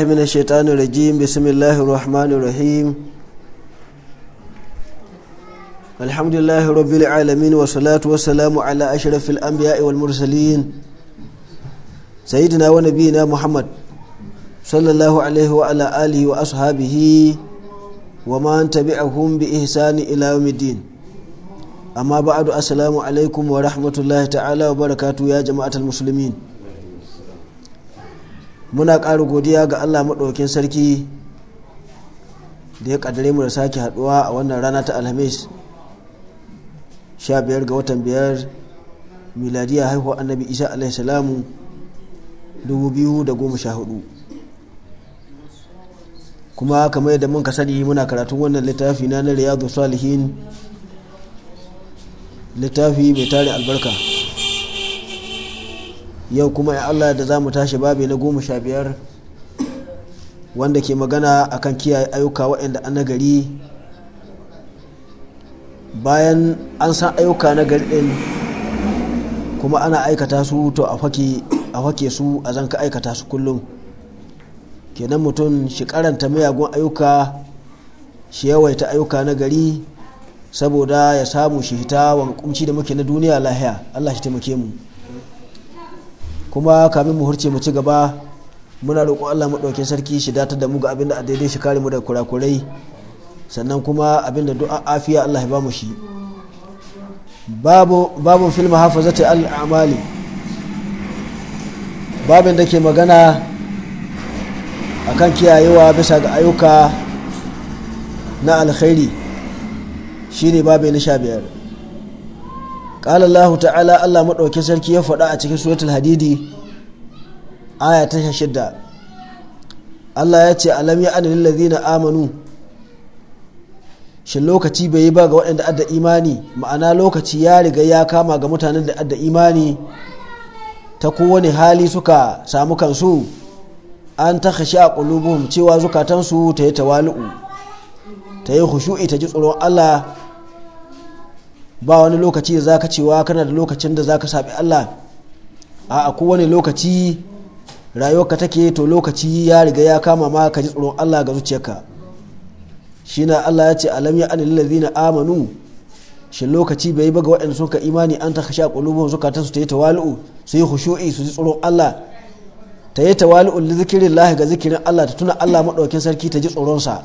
من الشيطان الرجيم بسم الله الرحمن الرحيم الحمد لله رب العالمين والصلاة والسلام على أشرف الأنبياء والمرسلين سيدنا ونبينا محمد صلى الله عليه وعلى آله وأصحابه ومن تبعهم بإحسان إلى يوم الدين أما بعد السلام عليكم ورحمة الله تعالى وبركاته يا جماعة المسلمين muna ƙara godiya ga allah maɗaukin sarki da ya ƙaddare mu da sake haɗuwa a wannan rana ta alhamis 15 ga watan 5 miladiya haihuwa annabi isa alaihissalamu 2014 kuma kamar yadda mun sani muna karatun wannan littafi na na riyadu salihin littafi mai tare albarka yau kuma ya Allah da za mu tashi babi na goma sha biyar wanda ke magana a kan kiyaye ayyuka waɗanda an nagari bayan an san ayyuka na gari ɗin kuma ana aikata su to a fake su a zan ka aikata su kullum kenan mutum shi karanta miyagun ayyuka shi yawaita ayyuka na gari saboda ya samu shi hita wa da muke na duniya lahiya allah shi taimake mu kuma kamin mu hurce mu ci gaba muna roƙon Allah maɗaukin sarki shi datar da mu ga abin da a daidai shi kare mu da kurakurai sannan kuma abin da du'a afiya Allah ya mu shi babu babu fil muhafazati al amali babin da ke magana akan kiyayewa bisa ga ayyuka na alkhairi shine babu na sha biyar قال الله ta'ala Allah مدوكي sarki ya faɗa a cikin suratul hadidi aya ta shidda Allah ya ce alam ya amanu shin lokaci bai yi ba ga waɗanda adda imani ma'ana lokaci ya riga ya kama ga mutanen da adda imani ta kowane hali suka samu kansu an ta kashi a ƙulubuhum cewa zukatansu ta yi tawali'u ta yi hushu'i ta ji tsoron Allah ba wani lokaci da zaka cewa kana da lokacin da zaka sabi Allah a kowane lokaci rayuwarka take to lokaci ya riga ya kama ma ka ji tsoron Allah ga zuciyarka shi na Allah ya ce alam ya anil na amanu shi lokaci bai ba ga waɗanda ka imani an ta kasha suka ta su ta yi tawali'u su yi khushu'i su ji tsoron Allah ta yi tawali'u li zikrillah ga zikirin Allah ta tuna Allah madaukin sarki ta ji tsoron sa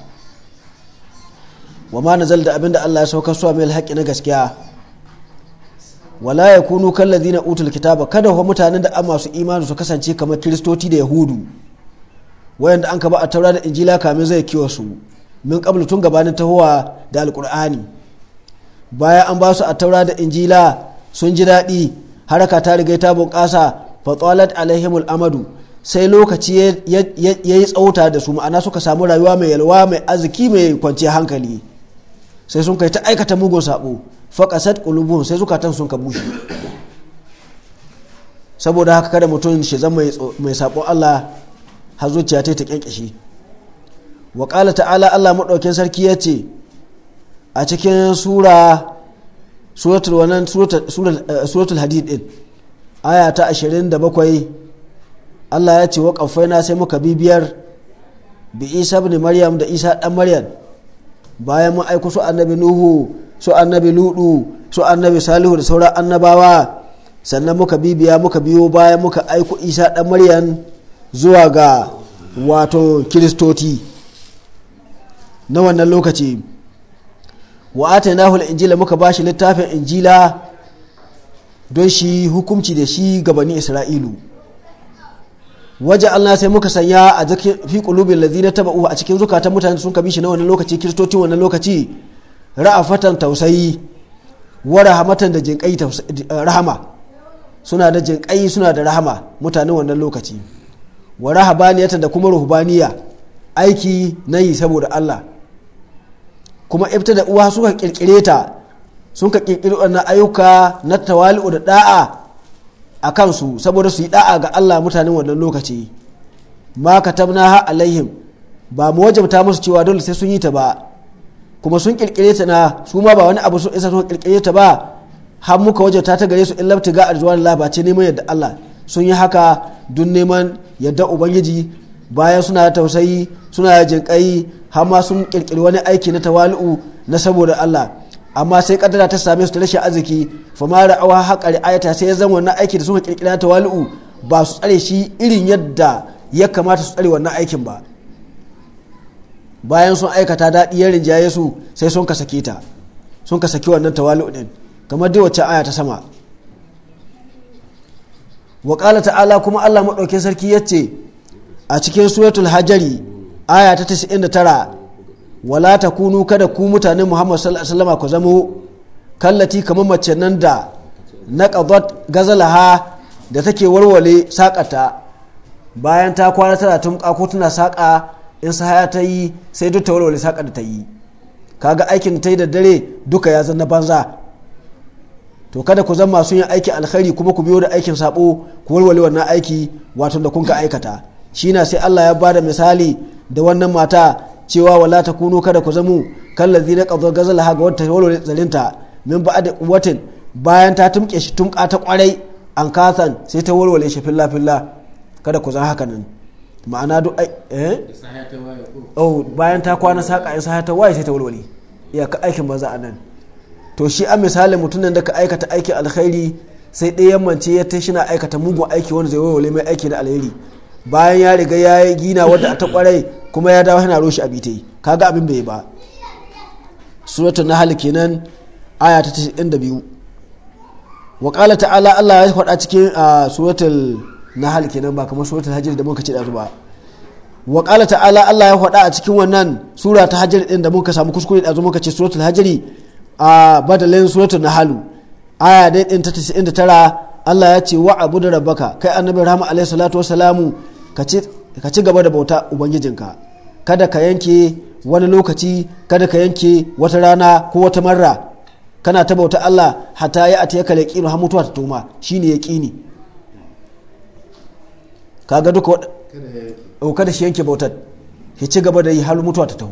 wa ma nazal da abinda Allah ya sauka su mai alhaki na gaskiya wala ya kunu zina utul kitaba kada wa mutanen da masu imani su kasance kamar kiristoci da yahudu wayanda an kaba a taura da injila kamin zai kiwa su min kabla tun gabanin tahowa da alkur'ani. baya an ba su a taura da injila sun ji daɗi haraka ta riga ta bunƙasa fatsalat alaihimul amadu sai lokaci ya yi tsauta da su ma'ana suka samu rayuwa mai yalwa mai arziki mai kwanciyar hankali sai sun kai ta aikata mugun sabo faƙasat kulubun sai zukatan sun ka bushe saboda haka kada mutum shi zama mai saƙon Allah har zuciya ta ta wa ƙala ta'ala Allah maɗaukin sarki ya ce a cikin sura suratul wannan suratul eh, hadid din aya ta 27 Allah ya ce wa ƙafaina sai muka bibiyar bi Isa ibn Maryam da Isa ɗan Maryam bayan mun aiku su annabi Nuhu su annabi ludu su annabi salihu da sauran annabawa sannan muka bibiya muka biyo baya muka aiko isa dan maryam zuwa ga wato kiristoti na wannan lokaci wa atainahu injila muka bashi littafin injila don shi hukumci da shi gabanin isra'ilu waje allah sai muka sanya a fi qulubil ladina taba'u a cikin zukatan mutane sun kabi shi na wannan lokaci kiristoti wannan lokaci ra'afatan tausayi wa rahamatan da jinƙai rahama suna da jinƙai suna da rahama mutanen wannan lokaci wa rahabaniyata da kuma ruhbaniya aiki na yi saboda Allah kuma ibta da uwa suka kirkire ta sun ka kirkiri wannan ayyuka na tawali'u da da'a a kansu saboda su yi da'a ga Allah mutanen wannan lokaci ma katabna ha alaihim ba mu wajabta musu cewa dole sai sun yi ta ba kuma sun kirkire ta na su ma ba wani abu sun isa sun kirkire ta ba har muka waje ta ta gare su illa ga arzuwan Allah ba ce neman yadda Allah sun yi haka dun neman yadda ubangiji bayan suna tausayi suna jinkai har ma sun kirkiri wani aiki na tawali'u na saboda Allah amma sai kadara ta same su ta rashin arziki fa ma ra'awa haƙa ayata sai ya zama wannan aiki da suka kirkira tawali'u ba su tsare shi irin yadda ya kamata su tsare wannan aikin ba bayan sun aikata daɗi ya rinjaye su sai sun ka sake ta sun ka saki wannan tawali'u din kamar dai wacce aya ta sama wa ta'ala kuma Allah maɗauki sarki ya ce a cikin suratul hajari aya ta tara. wala ta kunu kada ku mutanen muhammad sallallahu ku zamo kallati kamar mace nan da na ƙazat gazalaha da take warware saƙata bayan ta kwana tana tumƙa ko tana saƙa in sahaya ta yi sai duk ta walwale saƙar ta yi kaga aikin ta yi da dare duka ya zanna banza to kada ku zama masu yi aiki alkhairi kuma ku biyo da aikin sabo ku walwale wannan aiki wato da kun aikata shi na sai Allah ya bada misali da wannan mata cewa wala ta kuno kada ku zamu kallazi na qadar gazal haga wata walwale zalinta min ba'ad quwwatin bayan ta tumke shi tumka ta kwarai an kasan sai ta walwale shi filla filla kada ku zan haka nan ma'ana duk ai eh oh bayan ta kwana saka in sahata ta waye sai ta walwale ya ka aikin banza anan to shi a misali mutumin da ka aikata aikin alkhairi sai ɗaya yammanci ya tashi na aikata mugun aiki wanda zai walwale mai aiki na alheri bayan ya riga ya yi gina wadda ta kwarai kuma ya dawo yana roshi abitai kaga abin bai ba suratul nahl kenan aya ta 92 wa qala ta'ala Allah ya faɗa cikin ah, suratul na kenan ba kamar suratul hajj da muka ci da ba wa qala ta'ala Allah ya faɗa a cikin wannan sura ta hajj din da muka samu kuskure da muka ce suratul hajj a badalin suratul nahl aya dai din ta 99 Allah ya ce wa abu da rabbaka kai annabi rahma alaihi salatu wassalamu ka ci gaba da bauta ubangijinka kada ka yanke wani lokaci kada ka yanke wata rana ko wata marra kana ta bauta Allah hatta ya atiyaka yaqinu har mutuwa ta toma shine yaqini kaga duka oh, kada shi yanke bautar ya ci gaba da yi har mutuwa ta tahu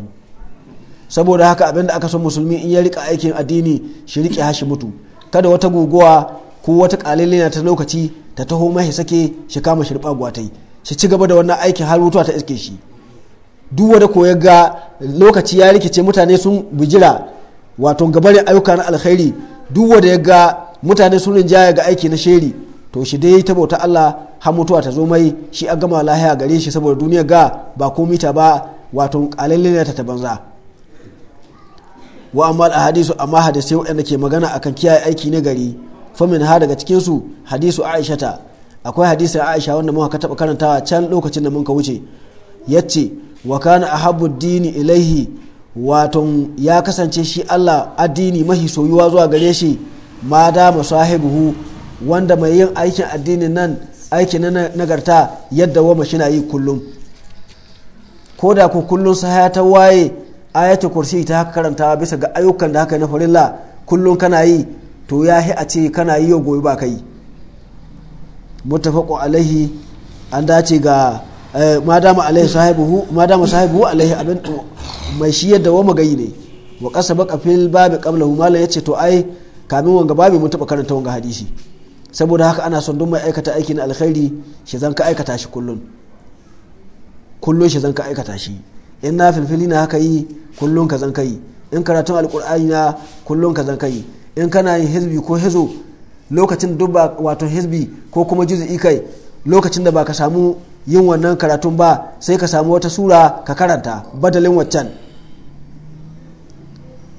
saboda haka abinda aka son musulmi in ya rika aikin addini shi rike hashi mutu kada wata guguwa ko wata kalilina ta lokaci ta taho mahi sake shi kama shirba gwatai shi ci gaba da wannan aikin har mutuwa ta iske shi duk wanda ko ga lokaci ya rikice mutane sun bijira wato gabarin ayyuka na alkhairi duk wanda ya ga mutane sun rinjaya ga aiki na sheri to shi dai ta bauta Allah har mutuwa ta zo mai shi a gama lahiya gare shi saboda duniya ga ba komi ta ba wato kalalle ta ta banza wa amma hadisu amma hadisai waɗanda ke magana akan kiyaye aiki na gari famin ha daga cikin su hadisu aishata akwai hadisin aisha wanda muka taba karantawa can lokacin da ka wuce yace wa kana ahabbu dini ilaihi wato ya kasance shi Allah addini mahi soyuwa zuwa gare shi ma da masahibuhu wanda mai yin aikin addini nan aikin na nagarta yadda wama shi na yi kullum ko da ku kullum sahaya ta waye ayatul kursi ta haka karantawa bisa ga ayyukan da haka na farilla kullum kana yi to ya a ce kana yi yau gobe ba ka yi muttafaqu alaihi an dace ga eh, madama alaihi sahibuhu madama sahibuhu alaihi abin mai shi yadda wama gayi ne wa qasaba fil babi qablahu malan yace to ai kamin wanga babu mun taba karanta wanga hadisi saboda haka ana son duk mai aikata aiki na alkhairi shi zan ka aikata shi kullun kullun shi zan ka aikata shi in na filfili na haka yi kullun ka zan ka yi in karatun alkur'ani na kullun ka zan ka yi in kana yin hizbi ko hizo lokacin duk ba wato hizbi ko kuma juzu'i kai lokacin da ba ka samu yin wannan karatun ba sai ka samu wata sura ka karanta badalin waccan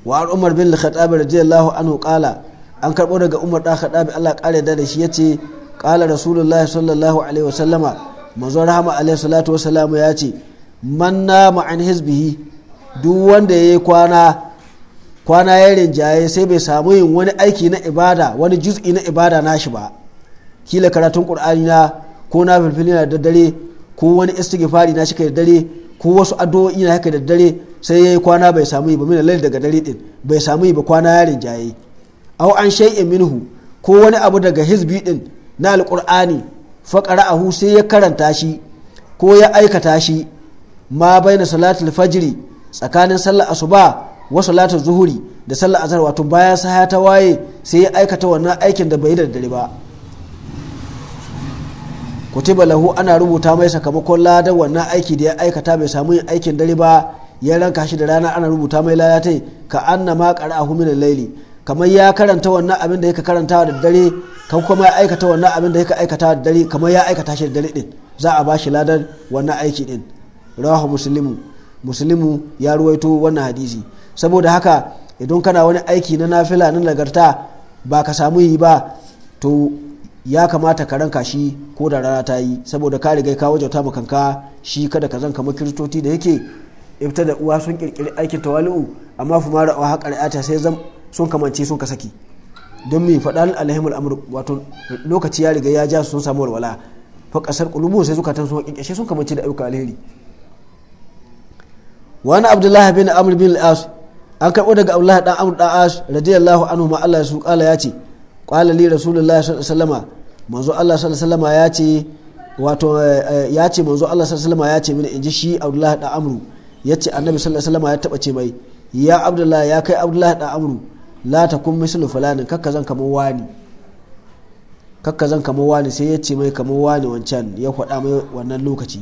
wa umar bin al-khattab radiyallahu anhu qala an karɓo daga umar ɗan bi allah ƙare da shi ya ce ƙala rasulullahi sallallahu alaihi wasallama manzon rahama alaihi salatu wasallamu ya ce man na an hizbihi duk wanda ya yi kwana kwana ya rinjaye sai bai samu yin wani aiki na ibada wani juz'i na ibada na shi ba kila karatun qur'ani na ko na filfili na daddare ko wani istighfari na shika daddare ko wasu addu'o'i na haka daddare sai ya yi kwana bai samu yi ba mina daga dare din bai samu yi ba kwana ya rinjaye aw an shay'in minhu ko wani abu daga hizbi din na alqur'ani fa qara'ahu sai ya karanta shi ko ya aikata shi ma baina salatul fajri tsakanin sallar asuba wa salatul zuhuri da sallar azhar wato bayan sahaya ta waye sai ya aikata wannan aikin da bai da dare ba kutiba lahu ana rubuta mai sakamakon ladan wannan aiki da ya aikata bai samu yin aikin dare ba ya ranka shi da rana ana rubuta mai layatai ka annama ma qara'ahu min al-layli kamar ya karanta wannan abin da yake karanta da dare kan kuma ya aikata wannan abin da yake aikata da dare kamar ya aikata shi da dare din za a bashi ladar wannan aiki din rawahu muslimu muslimu ya ruwaito wannan hadisi saboda haka idan kana wani aiki na nafila na nagarta ba ka samu yi ba to ya kamata ka ranka shi ko da rana ta yi saboda ka riga ka wajauta ma kanka shi kada ka zan kamar kiristoci da yake ifta da uwa sun kirkiri aikin tawali'u amma fumara a haƙar'ata sai zan sun kamance sun ka saki don mai faɗa alhamul amur wato lokaci ya riga ya ja sun samu walwala fa kasar qulubu sai zukatan sun kinkashe sun kamance da ayyuka alheri wani abdullahi bin amr bin al-as an karɓo daga abdullahi dan amr dan as radiyallahu anhu ma Allah su kala ya ce qala li rasulullahi sallallahu alaihi manzo Allah sallallahu alaihi ya ce wato eh, ya ce manzo Allah sallallahu alaihi wasallam ya ce mini inji shi abdullahi dan amur ya ce annabi sallallahu alaihi ya taba ce mai ya abdullahi ya kai abdullahi dan amur. la ta kun mislu fulanin kakka zan kamar wani kakka zan kamar wani sai ya ce mai kamar wani wancan ya faɗa mai wannan lokaci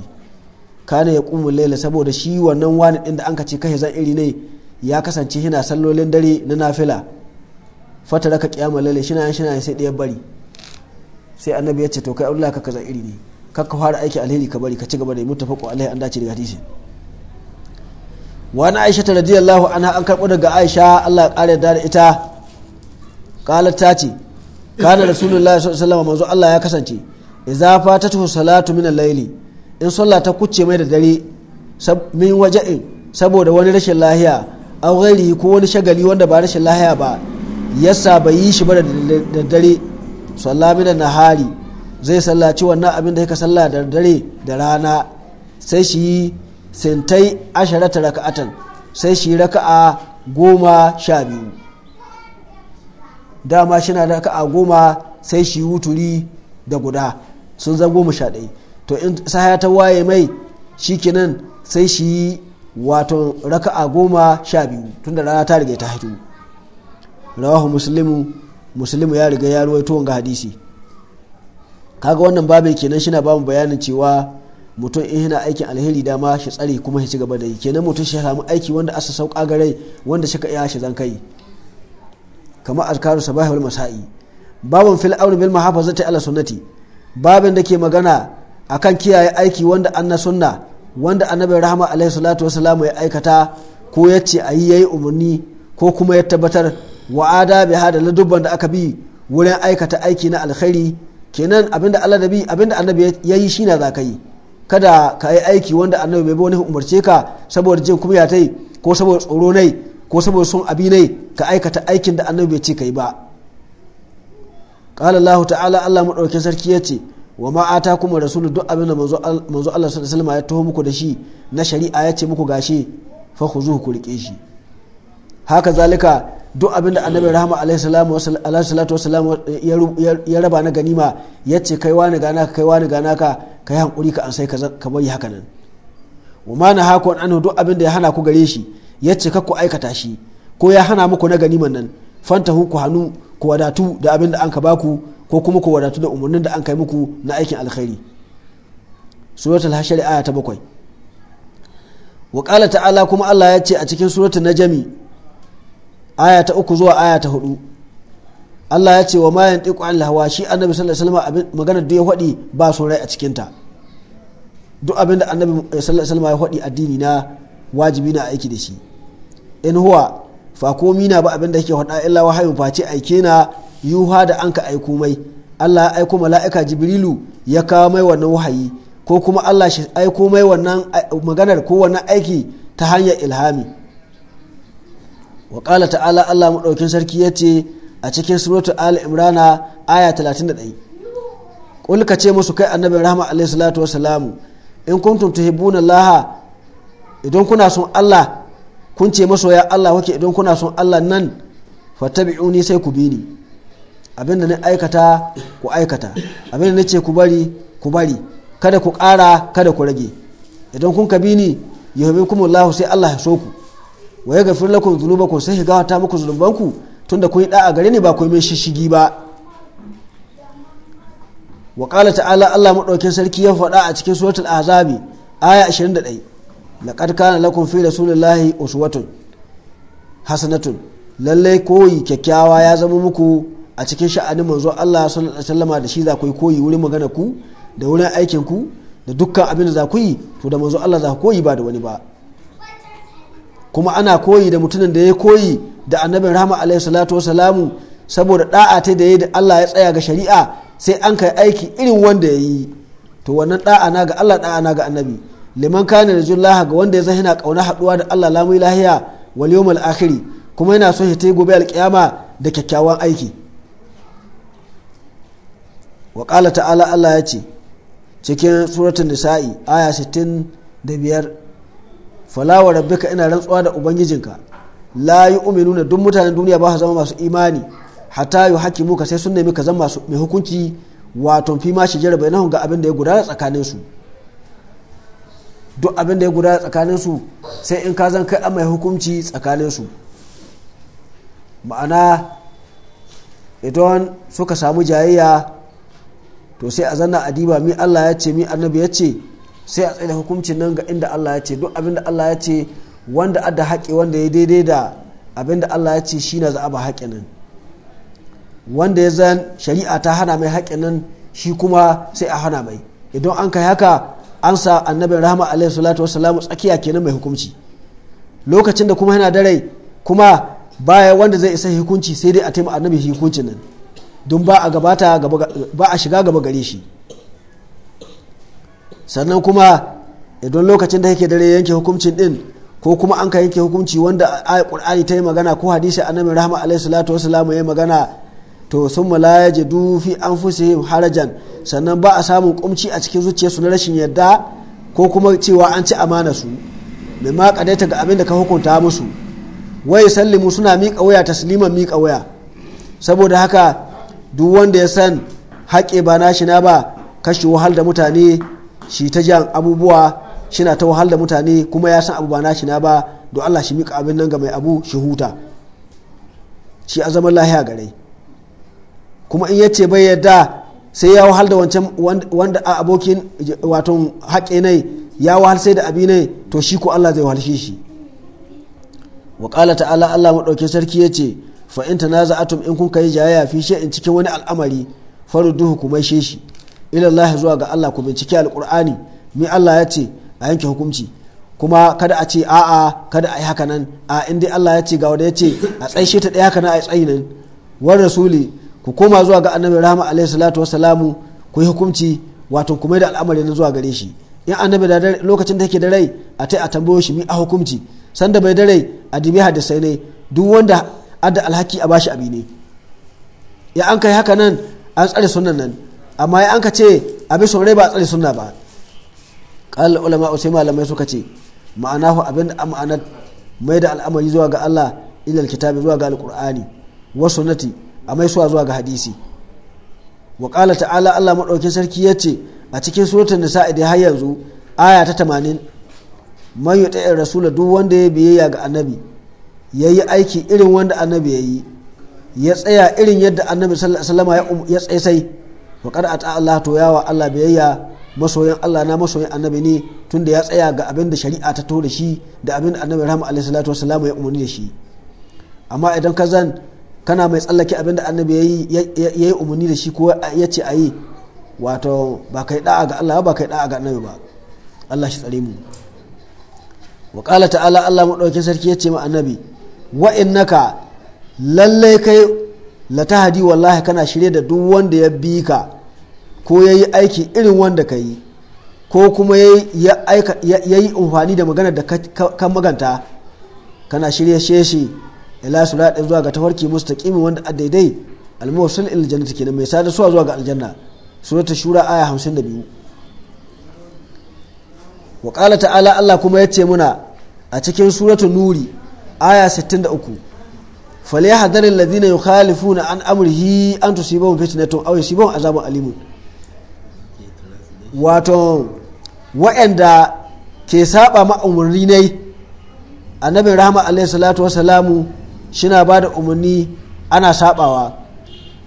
kana ya kumu laila saboda shi wannan wani inda da an ka ce kashe zan iri ne ya kasance yana sallolin dare na nafila fata ka kiyama laila shi na shina sai ɗaya bari sai annabi ya ce to kai Allah kakka zan iri ne kakka fara aiki alheri ka bari ka ci gaba da muttafaqu alai an dace da hadisi wani aisha ta radiyallahu anha an karɓo daga aisha allah ya ƙara da ita kalar ta ce kana rasulullahi sallallahu alaihi wasallam manzo allah ya kasance idza fatatuhu salatu min al-layli in sallah ta kucce mai da dare min waja'in saboda wani rashin lahiya aw ghairi ko wani shagali wanda ba rashin lahiya ba yasa bai yi shi ba da dare sallah min nahari zai sallaci wannan abin da yake sallah da dare da rana sai shi sintai asharata raka'atan sai shi raka'a goma sha biyu dama shi na raka'a goma sai shi wuturi da guda sun zan goma sha ɗaya to in sahaya ta waye mai shi sai shi wato raka'a goma sha biyu tunda rana ta riga ta haihu. rawahu muslimu muslimu ya riga ya ruwaito ga hadisi kaga wannan babin kenan shi na bamu bayanin cewa mutum in yana aikin alheri dama shi tsare kuma shi gaba da yi kenan mutum shi samu aiki wanda asa sauka garai wanda shi ka iya shi zan kai kamar azkaru sabahi wal masa'i babun fil amr bil muhafazati ala sunnati babin da ke magana akan kiyaye aiki wanda an sunna wanda annabi rahama alaihi salatu wasalam ya aikata ko ya ce ayi yayi umarni ko kuma ya tabbatar wa ada bi hada ladubban da aka bi wurin aikata aiki na alkhairi kenan abinda Allah da bi abinda annabi ya yi shi na zaka kada ka yi aiki wanda annabi bai wani umarce ka saboda jin kumya ta ko saboda tsoro nai ko saboda sun abi nai ka aikata aikin da annabi bai ce ka yi ba qala allah ta'ala allah madaukakin sarki ya ce wa ma ata kuma rasulu duk abin da manzo allah sallallahu alaihi wasallam ya taho muku da shi na shari'a ya ce muku gashi fa khuzuhu ku rike shi haka zalika duk abin da annabi rahama alaihi salatu wasalam ya raba na ganima ya ce kai wani gana ka kai wani gana ka kai hankuri ka an sai ka bari haka nan wa ma na an duk abin da ya hana ku gare shi ya ce ku aikata shi ko ya hana muku na ganiman nan fanta ku hannu ku wadatu da abin da an ka baku ko kuma ku wadatu da umarnin da an kai muku na aikin alkhairi suratul hashari aya ta bakwai wa ta'ala kuma Allah ya ce a cikin suratul najami aya ta uku zuwa aya ta hudu Allah ya ce wa ma yantiqu an hawa shi annabi sallallahu alaihi wasallam magana da ya faɗi ba son rai a cikin ta duk abin da annabi sallallahu alaihi wasallam ya faɗi addini na wajibi na aiki da shi in huwa fa komi na ba abin da yake faɗa illa wahayin ce aike na yuha da anka aiko mai Allah ya aiko mala'ika jibrilu ya kawo mai wannan wahayi ko kuma Allah shi aiko mai wannan maganar ko wannan aiki ta hanyar ilhami wa ƙala ta'ala allah maɗaukin sarki ya ce a cikin suratu al imrana aya 31 ƙul ka ce musu kai annabi rahama alaihi salatu salamu in kuntum tuhibbuna laha idan kuna son allah kun ce masoya allah kuke idan kuna son allah nan fattabi'uni sai ku bi ni abinda na aikata ku aikata abinda na ce ku bari ku bari kada ku ƙara kada ku rage idan kun ka bi ni yahubi kuma Allah sai Allah ya so ku wa ya gafir lakum dhunubakum sai higa ta muku zunubanku tunda kun yi da'a gare ni ba ku mai shishigi ba wa qala ta'ala Allah madaukakin sarki ya faɗa a cikin suratul azabi aya 21 laqad na lakum fi rasulillahi uswatun hasanatun lallai koyi kyakkyawa ya zama muku a cikin sha'anin manzo Allah sallallahu alaihi wasallama da shi za ku koyi wurin magana ku da wurin aikin ku da dukkan abin da za ku yi to da manzo Allah za ku koyi ba da wani ba kuma ana koyi da mutumin da ya koyi da annabin rahama alaihi salatu salamu saboda da'a ta da ya da Allah ya tsaya ga shari'a sai an kai aiki irin wanda ya yi to wannan da'a na ga Allah da'a na ga annabi liman kana da jullaha ga wanda ya zai yana kauna haɗuwa da Allah lamu lahiya wal yawmal akhiri kuma yana so ya gobe alkiyama da kyakkyawan aiki wa qala Allah ya ce cikin suratul nisa'i aya 65 falawa rabbika ina rantsuwa da ubangijinka la nuna duk mutanen duniya ba su zama masu imani hatta yu ka sai sun nemi ka zama masu mai hukunci wato fi ma shi jarabai nahun ga abin da ya gudana tsakanin duk abin da ya gudana tsakanin sai in ka zan kai a mai hukunci tsakaninsu. ma'ana idan suka samu jayayya to sai a zanna adiba mi Allah ya ce mi annabi ya ce sai a tsaye da hukuncin nan ga inda Allah ya ce duk abin da Allah ya ce wanda adda haƙe wanda ya daidai da abin da Allah ya ce shi na za'a ba haƙe nan wanda ya zan shari'a ta hana mai haƙe nan shi kuma sai a hana mai idan an kai haka an sa annabin rahama alaihi salatu tsakiya kenan mai hukunci lokacin da kuma yana da rai kuma baya wanda zai isa hukunci sai dai a taimaka annabi hukuncin nan don ba a shiga gaba gare shi sannan kuma idan lokacin da yake dare yanke hukuncin din ko kuma an ka yanke hukunci wanda qur'ani ta yi magana ko hadisi annabi rahma alaihi salatu ya magana to sun mala ya jidu fi anfusihim harajan sannan ba a samun kumci a cikin zuciyarsu na rashin yadda ko kuma cewa an ci amana su mai ma kadaita ga abin da ka hukunta musu wai sallimu suna miƙa waya tasliman miƙa waya saboda haka duk wanda ya san haƙe ba nashi na ba kashi wahal da mutane shi ta jan abubuwa shina ta wahal da mutane kuma ya san abu ba nashi na ba don Allah shi mika abin nan ga mai abu shi huta shi a zaman lahiya gare kuma in yace bai yadda sai ya wahal da wancan wanda a abokin wato haƙe nai ya wahal sai da abi nai to shi ko Allah zai wahalshe shi wa qala ta'ala Allah madaukin sarki yace fa in tanaza'atum in kun kai jayaya fi in cikin wani al'amari farudduhu kuma shi ilallah zuwa ga Allah ku binciki alkur'ani mi Allah ya ce a yanke hukunci kuma kada a ce a'a kada a yi haka nan a inda Allah ya ce ga wanda ya ce a tsaishe ta daya haka nan a tsayi nan war rasuli ku koma zuwa ga annabi rahama alaihi salatu wassalamu ku yi hukunci wato ku mai da al'amari na zuwa gare shi in annabi da lokacin da yake da rai a tai a tambayo shi mi a hukunci sanda bai da rai a dibi hadisai ne duk wanda adda alhaki a bashi abi ne ya an kai haka nan an tsare sunan nan amma ya an ka ce abin son ba a tsare sunna ba kal ulama sai malamai suka ce ma'ana hu abin da ma'anar mai da al'amari zuwa ga Allah ilal kitabi zuwa ga alqur'ani wasu sunnati a suwa zuwa ga hadisi wa qala ta'ala Allah madaukin sarki ya ce a cikin suratul nisa da har yanzu aya ta tamanin. man yuti'ir rasula duk wanda ya biyayya ga annabi yayi aiki irin wanda annabi yayi ya tsaya irin yadda annabi sallallahu um-, ya tsaye sai wa kad ata Allah to yawa Allah biyayya masoyan Allah na masoyan annabi ne tunda ya tsaya ga abin da shari'a ta to da shi da abin da annabi rahama alaihi salatu wassalam ya umarni da shi amma idan ka zan kana mai tsallake abin da annabi ya yi umarni da shi ko ya ce ayi wato ba kai da'a ga Allah ba kai da'a ga annabi ba Allah shi tsare mu wa qala ta'ala Allah madaukakin sarki ya ce ma annabi wa innaka lallai kai latahadi wallahi kana shirye da duk wanda ya bi ka ko ya yi aiki irin wanda ka yi ko kuma ya yi amfani da magana da kan maganta kana shirye sheshi ila suraɗin zuwa ga tafarki mustaqimin wanda a daidai almuwasil il kenan mai sada suwa zuwa ga aljanna surata shura aya hamsin biyu wa ta'ala Allah kuma ya ce muna a cikin suratu nuri aya 63 فليحذر الذين يخالفون عن امره ان تصيبهم فتنه او يصيبهم عذاب اليم wato wa'anda ke saba ma umarni ne annabi rahama alaihi salatu salamu shina ba da umarni ana sabawa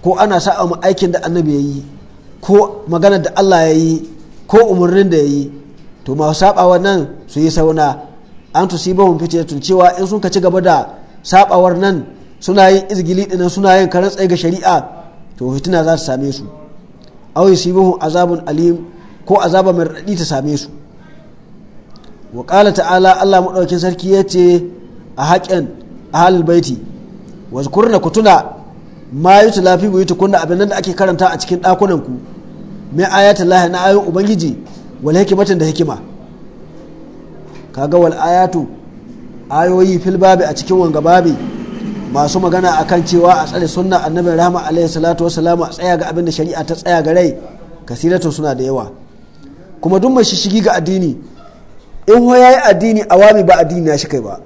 ko ana saba ma aikin da annabi ya yi ko magana da allah ya yi ko umarnin da ya yi to ma sabawa nan su yi sauna an tusibahun fitatun cewa in sun ka ci gaba da sabawar nan suna yin izgili dinan suna yin karan tsaye ga shari'a to fitina za ta same su aw yusibuhum azabun alim ko azaba mai raɗaɗi ta same su wa qala ta'ala Allah madaukin sarki yace a haƙin halin baiti wa zkurna kutuna ma yutla fi buyutikunna abin nan da ake karanta a cikin ɗakunan ku mai ayatul lahi na ayoyin ubangiji wal hikimatin da hikima kaga wal ayatu ayoyi fil babi a cikin wanga babi masu magana a kan cewa a tsare sunna annabin rahama alaihi salatu wasalamu a tsaya ga abin da shari'a ta tsaya ga rai kasirato suna da yawa kuma duk mai shishigi ga addini in ho yi addini awami ba addini ya shi kai ba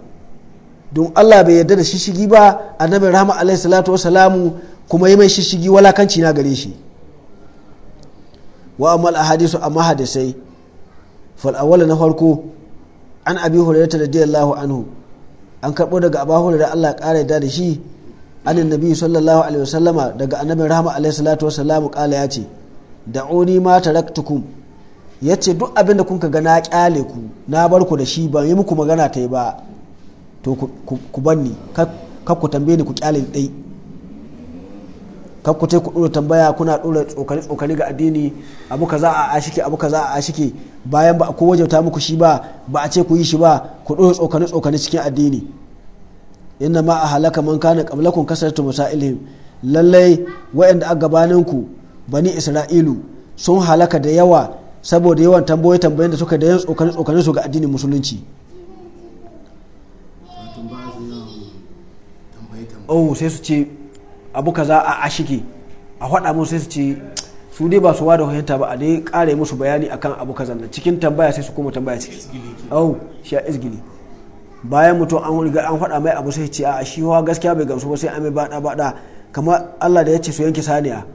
don Allah bai yarda da shishigi ba annabin rahama alaihi salatu wasalamu kuma yi mai shishigi walakanci na gare shi wa hadisu a amma hadisai fal na farko an abi hurairah radiyallahu anhu an karɓo daga abu da Allah ƙara yadda da shi anin nabi sallallahu alaihi wasallama daga annabin rahama alaihi salatu wasallamu ƙala ya ce uni ma taraktukum ya ce duk abin da kunka ga na ƙyale ku na bar ku da shi ba yi muku magana ta yi ba to ku banni kar ku tambaye ni ku kyale ɗai kakkuce ku da tambaya kuna dora tsokani tsokani ga addini abu kaza a ashiki abu kaza a ashiki bayan ba ko wajauta muku shi ba ba a ce ku yi shi ba ku ɗora tsokani tsokani cikin addini inna ma a halaka man kana qablakum kasaratu masailihim lallai waɗanda a gabanin ku bani isra'ilu sun halaka da yawa saboda yawan tambayoyi tambayen da suka da yin tsokani tsokane su ga addinin musulunci oh sai su ce abu kaza a ashiki a faɗa mu sai su ce su dai ba su wada fahimta ba a dai ƙara musu bayani akan abu kaza nan cikin tambaya sai su kuma tambaya ciki au shi izgili bayan mutum an riga an faɗa mai abu sai ce a shi wa gaskiya bai gamsu ba sai an mai bada bada kamar Allah da ya ce su yanke saniya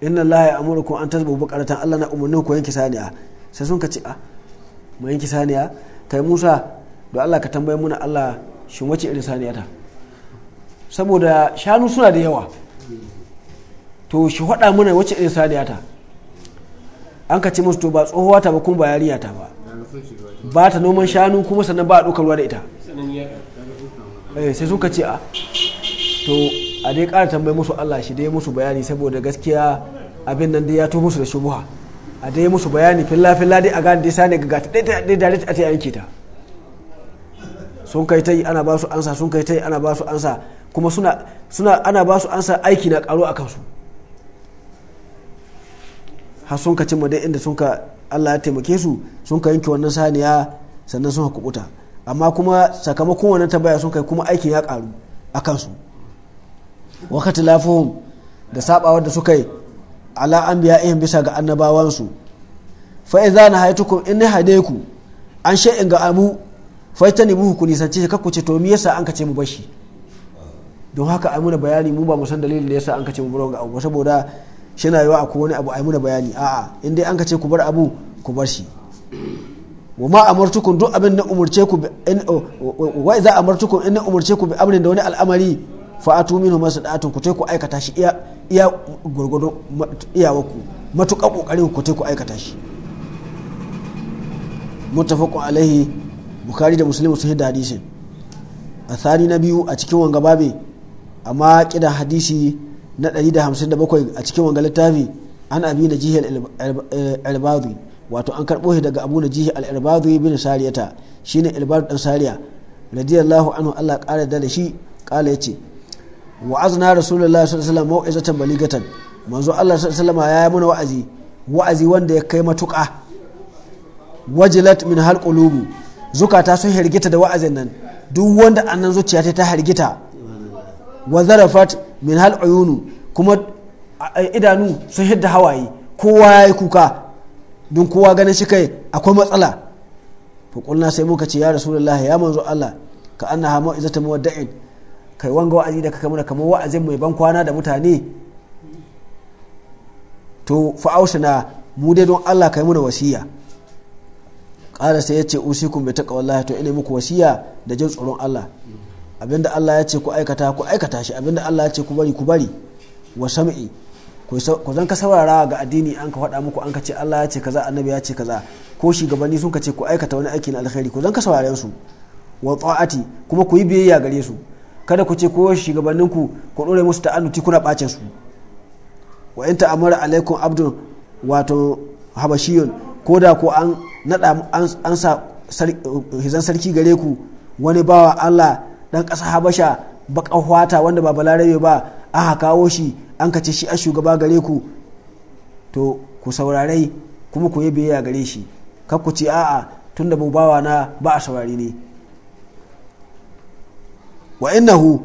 inna Allah ya amurukum an tazbu buqaratan Allah na umurnin ku yanke saniya sai sun ka ce a mu yanke saniya kai Musa da Allah ka tambaye muna Allah shin wace irin saniya ta saboda shanu suna da yawa to shi faɗa mana wacce irin saniya ta an ka ce musu to ba tsohuwa ta ba kuma ba yariya ta ba ba ta noman shanu kuma sannan ba a ɗaukar ruwa da ita eh, sai suka ce a to a dai ƙara tambayi musu Allah shi dai musu bayani saboda gaskiya abin nan dai ya to musu da shubuha a dai musu bayani filla filla dai a gane dai sani ga gata dai dai a ta yanke ta sun kai tai ana ba su ansa sun kai tai ana ba su ansa kuma suna suna ana ba su ansa aiki na karo a kansu har sun ka cimma dai inda sun ka Allah ya taimake su sun ka yanke wannan saniya sannan sun kubuta amma kuma sakamakon wannan tambaya sun kai kuma aikin ya karu a kansu wakati lafuhum da sabawar da suka yi ala an biya ihin bisa ga annabawansu fa iza na haitukum in ni hade ku an shay'in ga abu fa buhu ku nisanci ka kuce ce to me yasa an ka ce mu bashi don haka ai muna bayani mu ba mu san dalilin da yasa an kace mu bar wanga abu saboda shi na yawa akwai wani abu ai muna bayani a'a in dai an kace ku bar abu ku bar shi wa ma amartukum duk abin na umurce ku in oh, wa iza amartukum in umurce ku bi amrin da wani al'amari fa atu minhu masadatun ku ku aikata shi iya iya gurgudu iyawaku matuƙa kokarin ku ku aikata shi muttafaqun alaihi bukhari da muslim sun hada hadisin a na biyu a cikin wanga babe amma kidan hadisi na 157 a cikin wanga littafi an abi na al albadi wato an karbo shi daga abu na jihar albadi bin sariyata shine albadi dan sariya radiyallahu anhu Allah kare da shi kala ya ce wa'azna rasulullahi sallallahu alaihi wasallam mau'izatan baligatan manzo Allah sallallahu alaihi ya yi mana wa'azi wa'azi wanda ya kai matuƙa wajilat min halqulubu zukata sun hirgita da wa'azin nan duk wanda annan zuciya ta hargita wa zarafat min hal ayunu kuma idanu sun hidda hawaye kowa ya yi kuka don kowa ganin shi kai akwai matsala fa sai muka ce ya rasulullahi ya manzo Allah ka annaha mau'izatu muwadda'in kai wanga wa'azi da kaka muna kamar wa'azin mai ban kwana da mutane to fa na mu dai don Allah kai muna wasiya ƙara sai ya ce usikum bi taqwallahi to ina muku wasiya da jin tsoron Allah abinda Allah ya ce ku aikata ku aikata shi abinda Allah ya ce ku bari ku bari wa sam'i ku zan ka saurara ga addini an ka faɗa muku an ka ce Allah ya ce kaza annabi ya ce kaza ko shugabanni sun ka ce ku aikata wani aiki na alkhairi ku zan ka saurare su wa ta'ati kuma ku yi biyayya gare su kada ku ce ko shugabannin ku ku dore musu ta'annuti kuna bace su wa in ta'amara alaikum abdun wato habashiyun ko da ko an nada an sa hizan sarki gare ku wani bawa Allah dan ƙasa habasha baƙar hwata wanda ba balarabe ba aka kawo shi an kace shi a shugaba gare ku to ku saurare kuma ku yi biyayya gare shi kar ku ce a'a tunda da bawa na ba a saurari ne wa innahu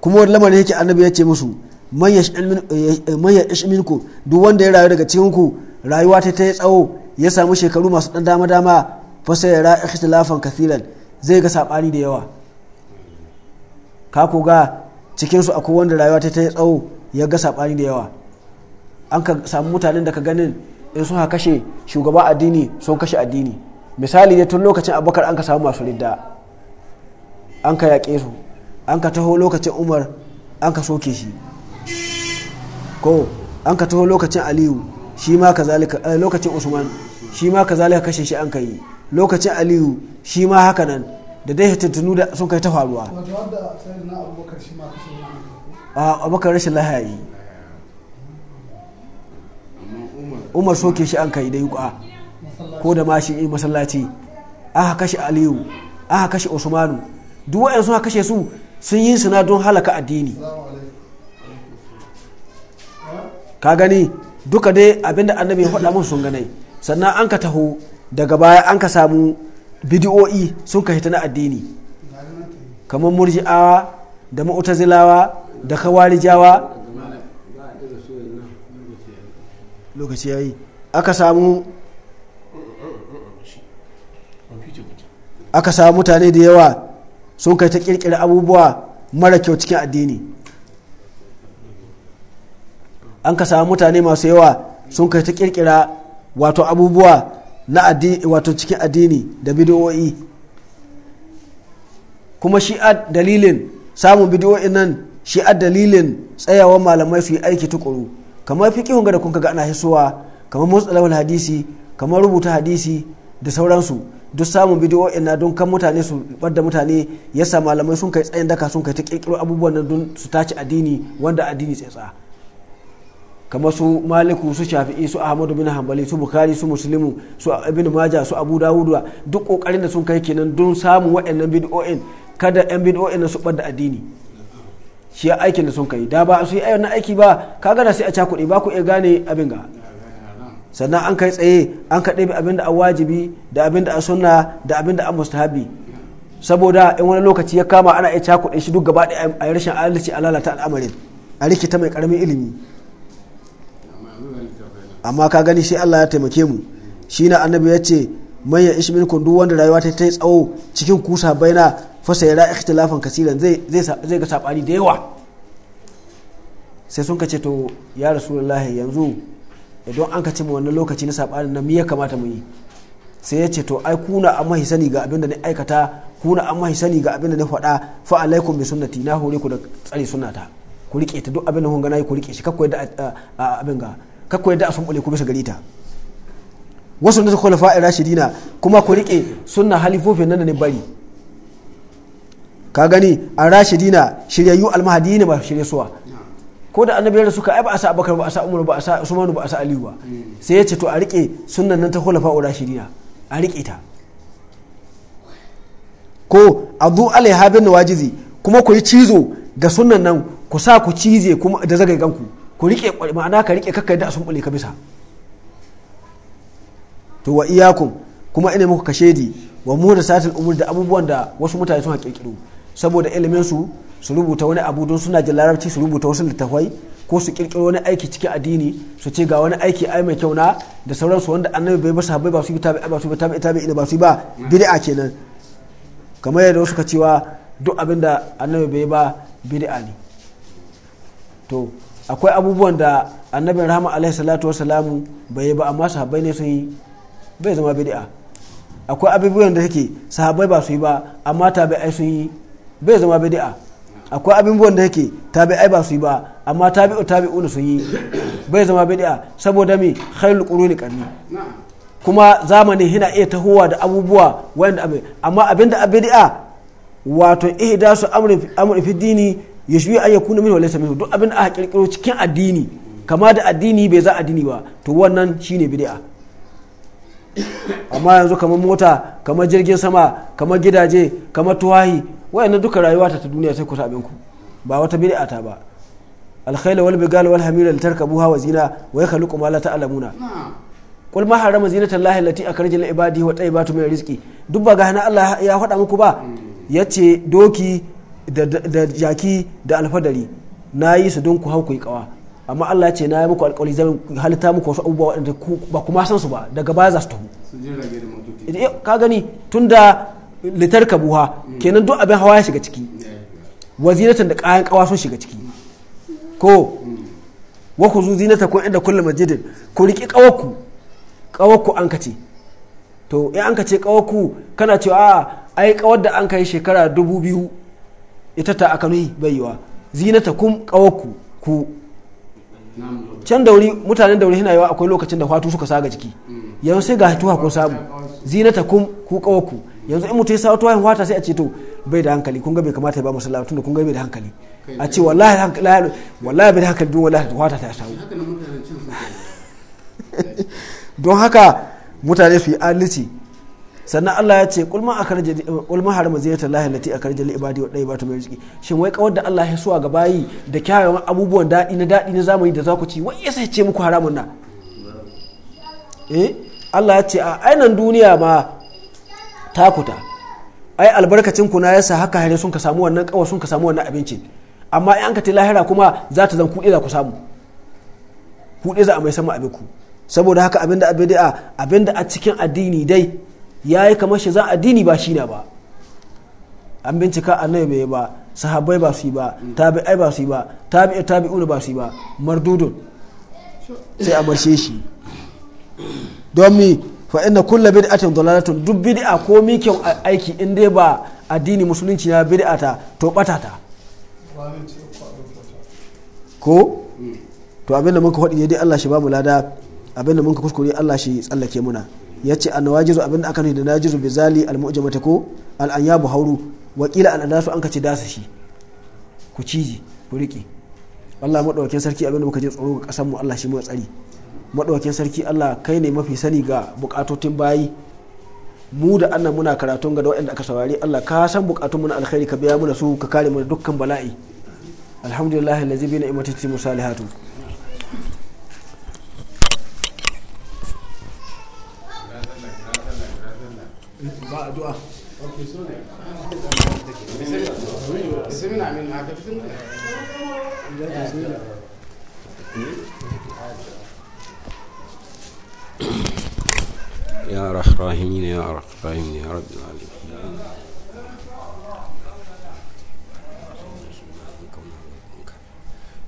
kuma wani lamarin yake annabi ya ce musu manyan eh, ishiminku duk wanda ya rayu daga cikin ku rayuwa ta ta tsawo ya samu shekaru masu dan dama dama fa sai ya ra'a ikhtilafan kathiran zai ga sabani da yawa ka ku ga cikinsu akwai wanda rayuwa ta yi tsawo ya ga saɓani da yawa an ka samu mutanen da ka ganin in sun kashe shugaba addini sun kashe addini misali ne tun lokacin abubakar an ka samu masu ridda an ka yaƙe su an ka taho lokacin umar an ka soke shi ko an ka taho lokacin aliyu shi ma zalika eh, lokacin usman shi ma zalika kashe shi an ka yi lokacin aliyu shi ma haka nan da dai hitattunu da sun kai ta faruwa a abokan rashin lahayi umar soke shi an kai da yuka ko da mashi yi masallaci aka kashe aliyu aka kashe osmanu duk wa'yan sun kashe su sun yi suna don halaka addini ka gani duka dai abinda annabi ya faɗa mun sun ganai sannan an ka taho daga baya an ka samu bidi'o'i sun ka na addini kamar murji'awa da ma'utazilawa da kawarijawa lokaci yi aka samu aka samu mutane da yawa sun kai ta kirkira abubuwa mara kyau cikin addini an ka samu mutane masu yawa sun kai ta kirkira wato abubuwa na wato cikin addini da bidiyo'i kuma shi dalilin samun bidiyoyi nan shi dalilin tsayawa malamai su yi aiki tukuru kamar fi da kuka ga ana hisuwa kamar motsa lawal hadisi kamar rubuta hadisi da sauransu duk samun bidiyoyi na don kan mutane su da mutane yasa malamai sun kai tsayin daka sun kai ta kirkiro abubuwan nan don su tace addini wanda addini tsatsa kamar su maliku su shafi'i su ahmadu bin hanbali su bukari su muslimu su ibn maja su abu dawuda duk kokarin da sun kai kenan don samun wa'annan bid'o'in kada yan bid'o'in na su da addini shi aikin da sun kai da ba su yi wannan aiki ba kaga da sai a cakuɗe ba ku iya gane abin ga sannan an kai tsaye an ka ɗebe abin da an wajibi da abin da an sunna da abin da an mustahabi saboda in wani lokaci ya kama ana iya cakuɗe shi duk gaba ɗaya a rashin adalci a lalata al'amarin a rikita mai karamin ilimi amma ka gani shi Allah ya taimake mu shi na annabi ya ce manya ishimin ishi duk wanda rayuwa ta ta tsawo cikin kusa baina fasa yara ikhtilafan kasiran zai zai ga sabani da yawa sai sun ce to ya rasulullahi yanzu idan an kace mu wannan lokaci na sabanin nan me ya kamata mu yi sai ya ce to ai kuna an mahi sani ga abin da ni aikata kuna an mahi sani ga abin da ni faɗa fa alaikum bi sunnati na hore ku da tsari sunnata ku rike ta duk abin da kun ga nayi ku rike shi kakwai da abin ga kakko yadda a ɓule ku bisa ta. wasu da su a rashidina kuma ku riƙe suna halifofin nan da ne bari ka gani an rashidina shiryayyu almahadi ne ba shirye suwa ko da annabi da suka ai ba a sa abakar ba a sa umar ba a sa usmanu ba a sa aliyu ba sai ya ce to a riƙe sunan nan ta khulafa rashidina a riƙe ta ko a zu alaiha bin wajizi kuma ku yi cizo ga sunan nan ku sa ku cize da zagayen ku ku rike ma'ana ka rike kakka yadda a sumbule ka bisa to wa iyakum kuma ina muku kashedi wa satin umur da abubuwan da wasu mutane suna kirkiro saboda ilimin su su rubuta wani abu don suna jin larabci su rubuta wasu littafai ko su kirkiro wani aiki cikin addini su ce ga wani aiki ai mai kyau na da sauransu wanda annabi bai basa bai ba su tabi ba su tabi tabi ina ba su ba bid'a kenan kamar yadda wasu ka cewa duk abinda da annabi bai ba bid'a ne to akwai abubuwan da annabin rahama alaihi salatu wasalamu bai yi ba amma sahabbai ne sun yi bai zama bid'a akwai abubuwan da yake sahabbai ba su yi ba amma tabi'ai sun yi bai zama bid'a akwai abubuwan da yake tabi'ai ba su yi ba amma tabi'u ne sun yi bai zama bid'a saboda me khairul quruni qarni kuma zamani yana iya tahowa da abubuwa wanda abin amma abinda abid'a wato ihdasu amri amri fi dini shi ya kuna min laysa minhu duk abin aka kirkiro cikin addini kama da addini bai za addini ba to wannan shine bid'a amma yanzu kamar mota kamar jirgin sama kamar gidaje kamar tuwahi wayannan duka rayuwa ta duniya sai ku abin ba wata bid'a ta ba alkhayla wal bigal wal hamira tarkabuha wa zina wa yakhluqu ma la ta'lamuna kul ma harama zinata allahi allati akhraja ibadi wa tayyibatu min rizqi duk ba ga hana Allah ya faɗa muku ba yace doki da jaki da alfadari na yi su don ku hau ku yi kawa amma Allah ce na yi muku alkawari zan halitta muku wasu abubuwa waɗanda ba kuma san su ba daga baya za su tafi eh, ka gani tun da litar kabuha mm. kenan duk abin hawa ya shiga ciki wazinatan da kayan kawa sun shiga ciki ko mm. wa ku zinata kun inda kullu masjidin ku riki kawaku kawaku an kace to in an kace kawaku kana cewa a ai kawar da an kai shekara dubu biyu ita ta aka nuyi bai zinata kum kawaku ku can dauri mutanen dauri yana yawa akwai lokacin da fatu suka saga jiki yanzu sai ga tuha ko samu zinata kum ku kawaku yanzu in mutai ya sawo tuhayin wata sai a ce to bai da hankali kun ga bai kamata ya ba lalatu da kun ga bai da hankali a ce wallahi hankali wallahi bai da hankali don wallahi wata ta sawo don haka mutane su yi adalci sannan Allah ya ce kulma akarje kulma harama zinata lahi lati a karjali ibadi wa dai batu mai riski shin wai kawar da Allah ya suwa gaba yi da kyawawan abubuwan dadi na dadi na zamani da za ku ci wai yasa ya ce muku haramun na eh Allah ya ce a ainan duniya ma takuta ai albarkacin ku na yasa haka hare sun ka samu wannan kawa sun ka samu wannan abincin amma in an ka ta lahira kuma za ta zan kuɗe za ku samu kuɗe za a mai sama abin ku saboda haka abinda abin da a cikin addini dai ya yi kamar shi za addini ba shi na ba an bincika annabi bai ba sahabbai ba su yi ba mm. tabi'ai ba su yi ba tabi'i tabi'un ba su yi ba mardudun sai a marshe shi don mi fa inna kulla bid'atin dalalatun duk bid'a ko mi kyau aiki in dai ba addini musulunci na bid'a ta to bata ta ko mm. to abinda muka faɗi dai Allah shi ba mu lada abinda muka kuskure Allah shi tsallake muna ya ce annawajizu abin da aka nuna da jizu bi zali al-mu'jamata ko al al-anyabu hauru wakila al'adasu an kace dasa shi ku ciji ku riƙe Allah madaukakin sarki abin da muka je tsoro ga kasar mu Allah shi mu tsari madaukakin sarki Allah kai ne mafi sani ga bukatotin bayi mu da annan muna karatun ga waɗanda aka saurari Allah ka san bukatun mu na alkhairi ka biya mu su ka kare mu da dukkan bala'i alhamdulillah allazi bi ni'matihi musalihatu دعاء يا رح راهمين يا رح راهمين يا رب العالمين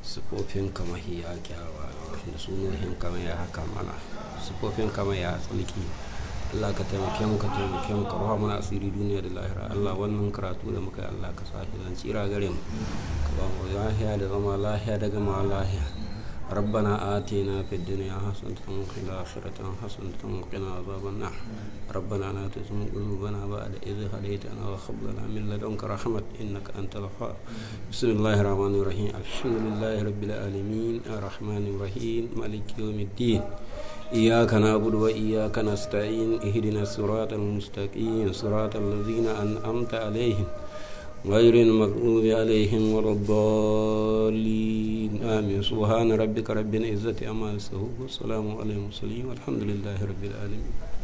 سبوبين كما هي أكيا وحنسونين كما يا حكامنا سبوبين كما يا صليكين Allah ka taimake mu ka taimake mu ka ruha mana asiri duniya da lahira Allah wannan karatu da muka yi Allah ka sa da tsira gare mu ka ba mu lahiya da zama lahiya da gama lahiya ربنا آتنا في الدنيا حسنة وفي الآخرة حسنة وقنا عذاب النار ربنا لا تزغ قلوبنا بعد إذ هديتنا وهب لنا من لدنك رحمة إنك أنت الوهاب بسم الله الرحمن الرحيم الحمد لله رب العالمين الرحمن الرحيم مالك يوم الدين إياك نعبد وإياك نستعين اهدنا الصراط المستقيم صراط الذين أنعمت عليهم غير المغضوب عليهم ولا الضالين آمين سبحان ربك رب العزة عما يصفون والسلام على المرسلين والحمد لله رب العالمين